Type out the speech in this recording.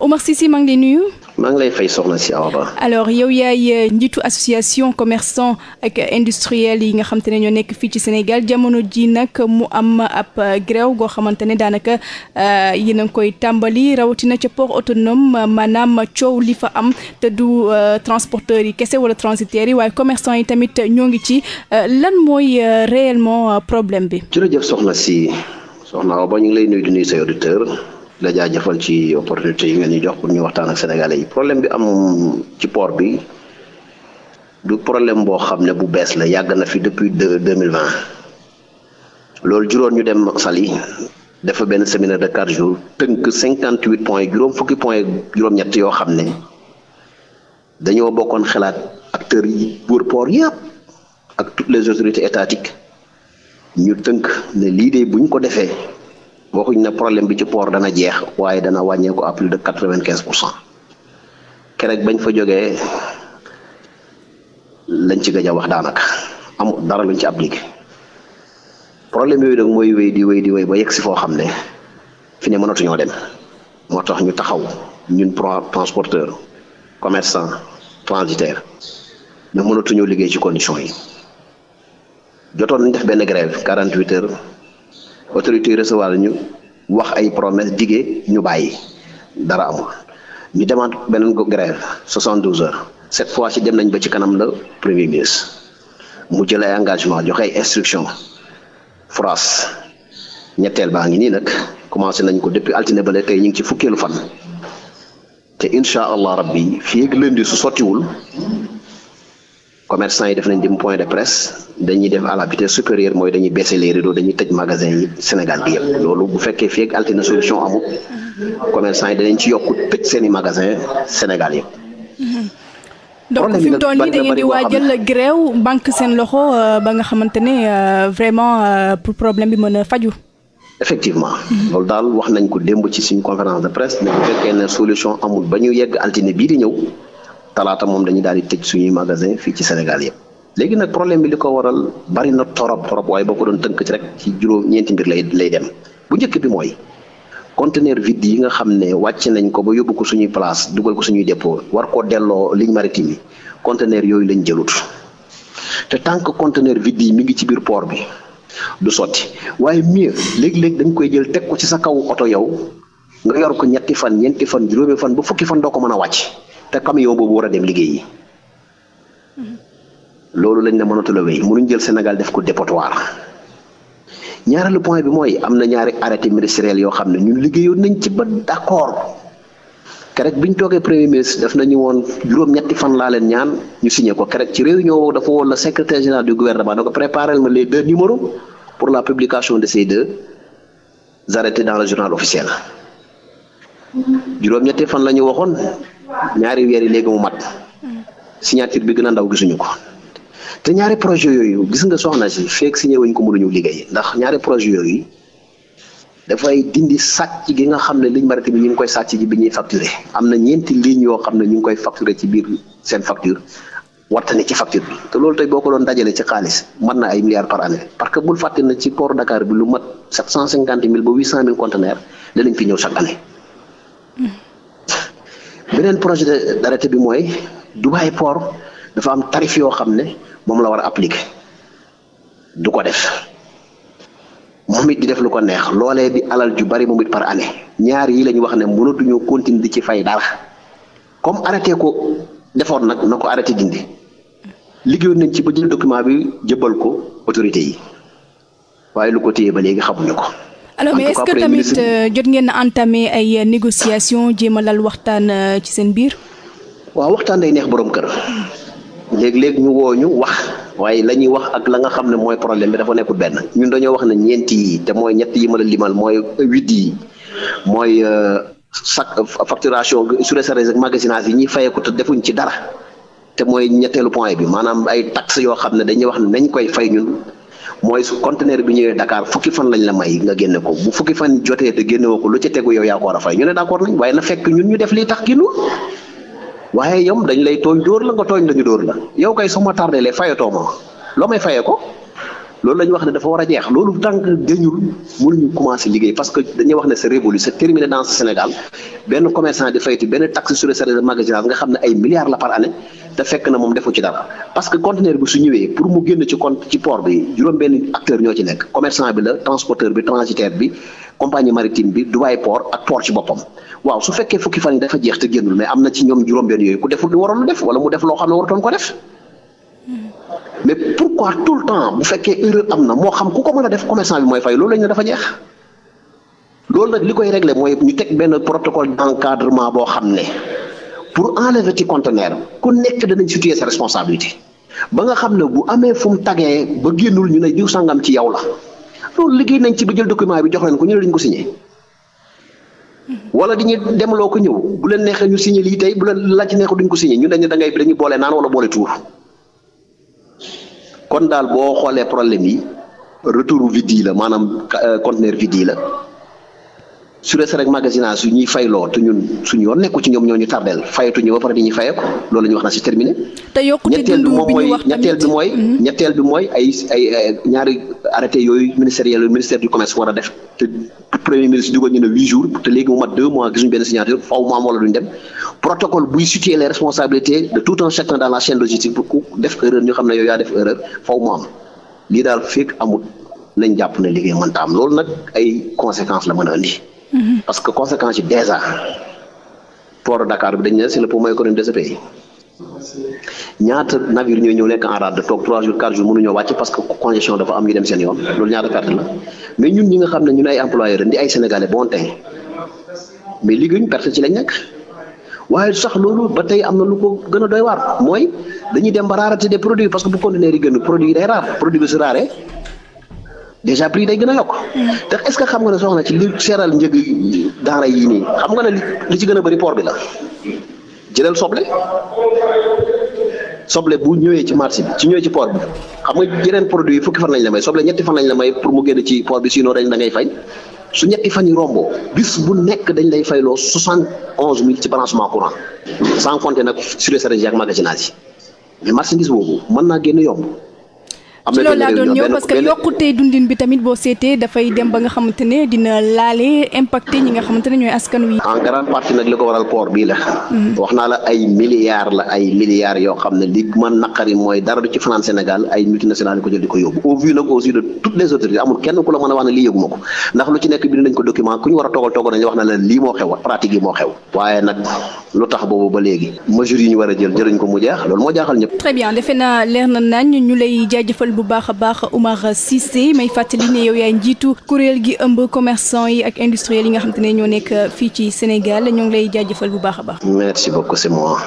Omar si maa ngi lay nuyu. maa lay fay soxna si Awa Ba. yow yaay euh, njiitu association commerçant ak industriel yi nga xam ne ñoo nekk fii ci Sénégal jamono ji nag mu am ab euh, grève goo xamante ne daanaka euh, yéen a ngi koy tàmbali rawatina ca port autonome maanaam coow li fa am te du transporteurs yi kese wala transitaires yi waaye commerçant yi tamit ñoo ngi ci lan mooy réellement problème bi. jërëjëf soxna si soxna Awa ñu ngi lay nuyu di nuyu say auditeurs. la jaajëfal ci opportunité yi ngeen ñu jox pour ñu waxtaan ak sénégalais yi problème bi am ci port bi du problème boo xam ne bu bees la yàgg na fi depuis deux mille vingt loolu juróon ñu dem sali defa benn séminaire de quatre jours tënk cinquante huit points juróom fukki points juróom-ñett yoo xam ne dañoo bokkoon xalaat acteurs yi buur poor yëpp ak toutes les autorités étatiques ñu tënk ne lii de buñ ko defee. waxuñ na problème bi ci port dana jeex waaye dana wàññeeku à plus de quatre vingt quinze pour cent keroog bañ fa jogee lañ ci gëj a wax daanaka amul dara luñ ci appliqué problème yooyu nag mooy wéy di wéy di wéy ba yegg si foo xam ne fi ne mënatuñoo dem moo tax ñu taxaw ñun transporteur commerçant transitaire mais mënatuñoo liggéey ci condition yi jotoon nañ def benn grève quarante huit heures autorité recevoir ñu wax ay promesse diggé ñu bàyyi dara amul ñu demaat beneen grève 72 heures cette fois ci dem nañ ba ci kanam la premier ministre mu jël ay engagement joxe ay instruction France ñetteel baa ngi nii nag commencé nañ ko depuis altine bale tey ñu ngi ci fukkeelu fan te incha allah rabbi fii ak lundi su sottiwul commerçant yi def nañ dem point de presse dañuy def à la vitesse supérieure mooy dañuy baisser les rideaux dañuy tëj magasin yi Sénégal gi yëpp loolu bu fekkee fii ak altine solution amul commerçant yi danañ ci yokku tëj seen magasin Sénégal yëpp. Mm-hmm. donc fi mu toll nii da ngeen di waajal gréew banque seen loxo euh, ba nga xamante ne euh, vraiment euh, pour problème bi mën a faju effectivement mm-hmm. loolu daal wax nañ ko démb ci suñ conférence de presse mais bu fekkee ne solution amul ba ñu yegg altine bii di ñëw. talaata moom dañuy daal di tëj suñuy magasin fii ci Sénégal yëpp léegi nag problème bi li ko waral barina na torop torop waaye boo ko doon tënk ci rek ci juróom ñeenti mbir lay lay dem bu njëkk bi mooy conteneur vide yi nga xam ne wàcc nañ ko ba yóbbu ko suñuy place dugal ko suñuy dépôt war ko delloo ligne maritime yi conteneur yooyu lañ jëlut te tant que conteneur vide yi mi ngi ci biir port bi du sotti waaye mieux léeg-léeg dañ koy jël teg ko ci sa kaw oto yow nga yor ko ñetti fan ñeenti fan juróomi fan ba fukki fan doo ko mën a wàcc te camion boobu war a dem liggéey loolu lañ na mënatul a wéy jël Sénégal def ko dépotoir ñaareelu point bi mooy am na ñaari arrêté ministériel yoo xam ne ñun liggéeyoon nañ ci ba d' kerek bi ñu toogee premier ministre def nañu woon juróom-ñetti fan laa leen ñaan ñu signé ko kerek ci réunion woowu dafa woon la secrétaire général du gouvernement da ko ma les deux numéros pour la publication de ces deux arrêtés dans le journal officiel juróom fan la ñu waxoon. ñaari weer yi léegi mu mat signature bi gën a ndaw gisuñu ko te ñaari projet yooyu gis nga soxna si feek signé wuñ ko mënuñu liggéey ndax ñaari projet yooyu dafay dindi sàcc gi nga xam ne ligne maritime bi ñu ngi koy sàcc ji bi ñuy facturer am na ñeenti ligne yoo xam ne ñu koy facturer ci biir facture ci facture bi te loolu tey boo ko doon dajale ci xaalis mën na ay milliards par année parce que bul fàtte na ci port Dakar bi lu mat sept cent cinquante mille ba huit cent mille conteneurs danañ fi ñëw chaque année beneen projet de d'arrêté bi mooy Dubai por dafa am tarif yoo xam ne moom la war a appliquer du ko def moom it di def lu ko neex loole bi alal ju bari moom it par année ñaar yi la ñu wax ne mënatuñoo continuer di ci fay dara comme arrêté ko defoon nag na ko arrêté dindi liggéeyoon nañ ci ba jël document bi jëbal ko autorité yi waaye lu ko téye ba léegi xamuñu ko. alors mais est-ce que tamit euh, jot ngeen a entamé ay négociations jéem a lal waxtaan euh, ci seen biir. waaw waxtaan day neex boroom kër. léegi léegi ñu woo ñu wax waaye la ñuy wax ak la nga xam ne mooy problème bi dafa nekkul benn ñun dañoo wax ne ñeenti yi te mooy ñett yi ma la limal mooy huit yi mooy euh, chaque facturation surestaries ak magasinage yi ñuy fayeeku te defuñ ci dara te mooy ñetteelu point bi maanaam ay taxes yoo xam ne dañuy wax ne nañ koy fay ñun. mooy su conteneur bi ñëwee Dakar fukki fan lañ la may nga génne ko bu fukki fan jotee te génne ko lu ci tegu yow yaa ko a fay ñu ne d'accord nañ waaye na fekk ñun ñu def lii tax génnul waaye ñoom dañ lay tooñ dóor la nga tooñ dañu dóor la yow kay ma tardé lee fayatoo ma loo may fayee ko loolu la ñu wax ne dafa war a jeex loolu tànk dañul mënuñu commencé liggéey parce que dañuy wax ne c'est révolu c'est terminé dans ce Sénégal benn commerçant di fayti benn taxe sur les services de nga xam ne ay milliards la par année te fekk na moom defu ci dara parce que conteneur bi su ñëwee pour mu génn ci compte ci port bi juróom-benn acteur ñoo ci nekk commerçant bi la transporteur bi transitaire bi compagnie maritime bi Dubai port ak port ci boppam waaw su fekkee fukki fan wala mu def loo xam ko def mais pourquoi tout le temps bu fekkee erreur am na moo xam ku ko mën a def commerçant bi mooy fay loolu lañ ne dafa jeex loolu nag li koy régler mooy ñu teg benn protocole d'encadrement boo xam ne pour enlever ci conteneur ku nekk danañ situer sa responsabilité ba nga xam ne bu amee fu mu tagee ba génnul ñu ne jiw sangam ci yow la loolu liggéey nañ ci ba jël document bi jox leen ko ñu ne dañ ko signé wala di ñu demloo ko ñëw bu leen neexee ñu signé lii bu leen laaj neexee duñ ko signé ñu ne da ngay boole naan wala boole tuur. kon daal boo xoolee problème yi retour vide yi la maanaam euh, conteneur vide yi la su dee rek magasinage yu ñuy fayloo te ñun suñu yoon nekku ci ñoom ñoo ñu tardeel fayatuñu ba pare di ñuy fayee ko loolu ñu wax na si terminé. bi ñu wax ñetteel bi mooy mm-hmm. ñetteel bi mooy ay ñaari arrêté yooyu ministériel ministère du commerce war a def te premier ministre dugal ñu ne huit jours te léegi mu mat deux mois gisuñu benn signature faw mu am wala duñ dem protocole buy situer les responsabilités de tout un chacun dans la chaîne logistique pour ku def erreur ñu am loolu nag ay conséquences la mën a Mm-hmm. parce que conséquence yi déjà port Dakar bi dañ ne c'est le poumon économique de ce pays ñaata navire ñooy ñëw nekk en rade toog 3 jours 4 jours mënu wàcc parce que congestion dafa am ñu dem seen yoon loolu ñaata perte la mais ñun ñi nga xam ne ñun ay employeurs di ay sénégalais bon teint mais liggéeyuñ perte ci lañ nekk waaye sax loolu ba tey am na lu ko gën a doy waar mooy dañuy dem ba rareté des produits parce que bu conteneur yi gën produit yi day raar déjà prix day gën a yokk mm. te est ce que xam nga ne soxna ci li seeral njëg denre yi nii xam nga ni li ci gën a bëri port bi la jëlal soble soble bu ñëwee ci marché bi ci ñëwee ci port bi xam nga yeneen produit yi fukki fan lañ la may soble ñetti fan lañ la may pour mu génn ci port bi sinon dañ da ngay fay su ñetti fan yi romboo bis bu nekk dañ lay fayloo soixante onze mille ci branchement courant sans compter nag sur les services ak magasinage yi mais marchandise boobu mën naa génn yomb ci loolu laa doon ñëw parce que yokkutee dundin bi tamit boo seetee dafay dem ba nga xamante ne dina laale impacté ñi nga xamante ne ñooy askan wi. en grande partie nag li ko waral port bii la. Mm-hmm. wax naa la ay milliards la ay milliards yoo xam ne li man naqari mooy dara du ci fanaan Sénégal ay multinationales ko di ko yóbbu au vu nag aussi de toutes les autorités amul kenn ku la mën a wax ne lii yëgu ko ndax lu ci nekk bind nañ ko document ku ñu war a toogal toogal nañ lu tax boobu ba léegi mesures yi ñu war a jël jëluñ ko mu jaax loolu moo jaaxal ñëpp. très bien defe naa leer na nañ ñu lay jaajëfal bu baax a baax Oumar Cissé may fàttali ne yow yaay njiitu kuréel gi ëmb commerçant yi ak industriel yi nga xam te ne ñoo nekk fii ci Sénégal ñoo ngi lay jaajëfal bu baax a baax. merci beaucoup c'est moi.